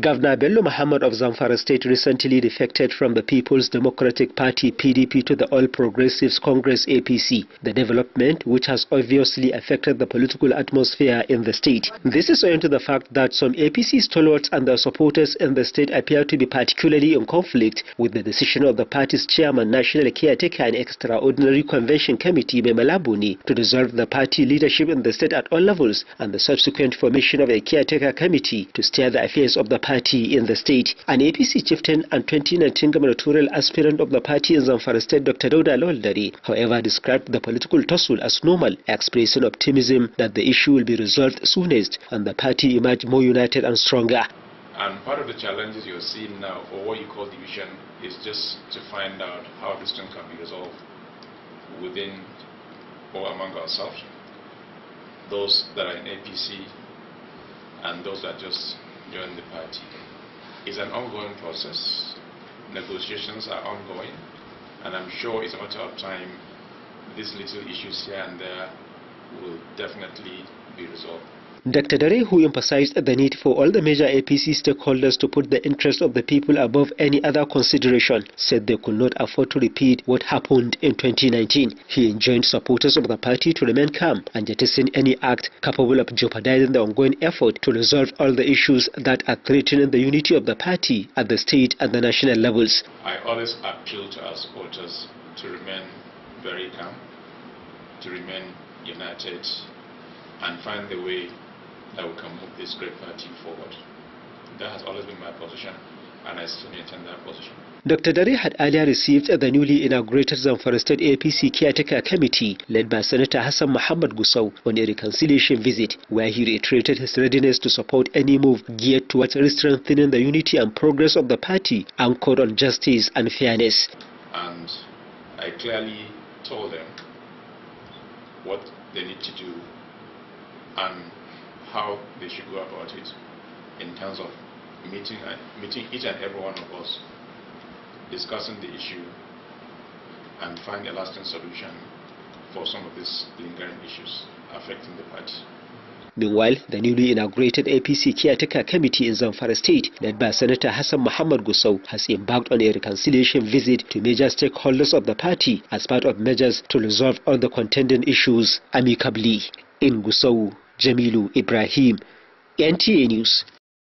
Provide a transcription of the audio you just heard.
Governor Bello Muhammad of Zamfara State recently defected from the People's Democratic Party PDP to the All Progressives Congress APC, the development which has obviously affected the political atmosphere in the state. This is owing to the fact that some APC stalwarts and their supporters in the state appear to be particularly in conflict with the decision of the party's chairman, National Caretaker and Extraordinary Convention Committee, Memalabuni, to dissolve the party leadership in the state at all levels and the subsequent formation of a caretaker committee to steer the affairs of the party in the state. An APC chieftain and 2019 gubernatorial aspirant of the party in Zamfara State, Dr. Dauda Lawaldari, however, described the political tussle as normal, expressing optimism that the issue will be resolved soonest and the party emerge more united and stronger. And part of the challenges you're seeing now, or what you call division, is just to find out how this thing can be resolved within or among ourselves, those that are in APC, and those that just join the party. It's an ongoing process. Negotiations are ongoing, and I'm sure it's a matter of time. These little issues here and there will definitely be resolved. Dr. Dare, who emphasized the need for all the major APC stakeholders to put the interests of the people above any other consideration, said they could not afford to repeat what happened in 2019. He enjoined supporters of the party to remain calm and jettison any act capable of jeopardizing the ongoing effort to resolve all the issues that are threatening the unity of the party at the state and the national levels. I always appeal to our supporters to remain very calm, to remain united, and find the way that we can move this great party forward. That has always been my position, and I still maintain that position. Dr. Dare had earlier received the newly inaugurated Zamfara State APC Caretaker Committee led by Senator Hassan Muhammad Gusau on a reconciliation visit where he reiterated his readiness to support any move geared towards strengthening the unity and progress of the party anchored on justice and fairness. And I clearly told them what they need to do and how they should go about it in terms of meeting, uh, meeting each and every one of us, discussing the issue, and find a lasting solution for some of these lingering issues affecting the party. Meanwhile, the newly inaugurated APC caretaker committee in Zamfara state, led by Senator Hassan Muhammad Gusau, has embarked on a reconciliation visit to major stakeholders of the party as part of measures to resolve all the contending issues amicably. In Gusau, jamilu ibrahim nta news